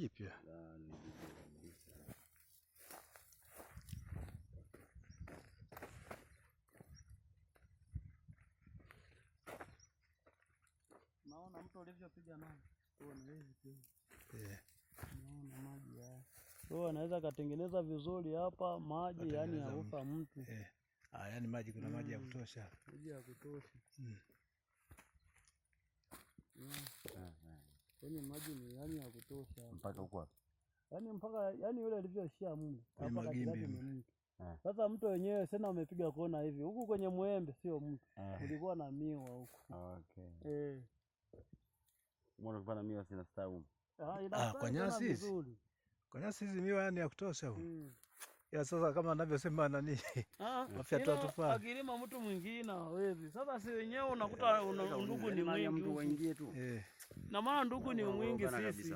jipya. Naona mtu alivyopiga eh. naye. Kwa hiyo anaweza akatengeneza vizuri hapa maji, yaani haufa mtu. Eh. Ah, yaani maji kuna maji ya mm. kutosha. Maji ya kutosha. Mm. yani maji ni yani ya kutosha. Mpaka huko wapi? yani mpaka yani yule alivyoshia Mungu. Hapa katikati ni mtu. Eh. Sasa mtu wenyewe sena umepiga kona hivi. Huku kwenye mwembe sio mtu. Kulikuwa eh. na miwa huku. Okay. Eh. Mbona kupanda miwa sina stawi? Ah, ah kwa nyasi hizi. Kwa nyasi hizi miwa yani ya kutosha huko. Mm ya sasa kama anavyosema nani ah, mafyatu atufaa akilima mtu mwingine hawezi. Sasa si wenyewe eh, unakuta ndugu ni mwingi, eh. na maana ndugu ni mwingi sisi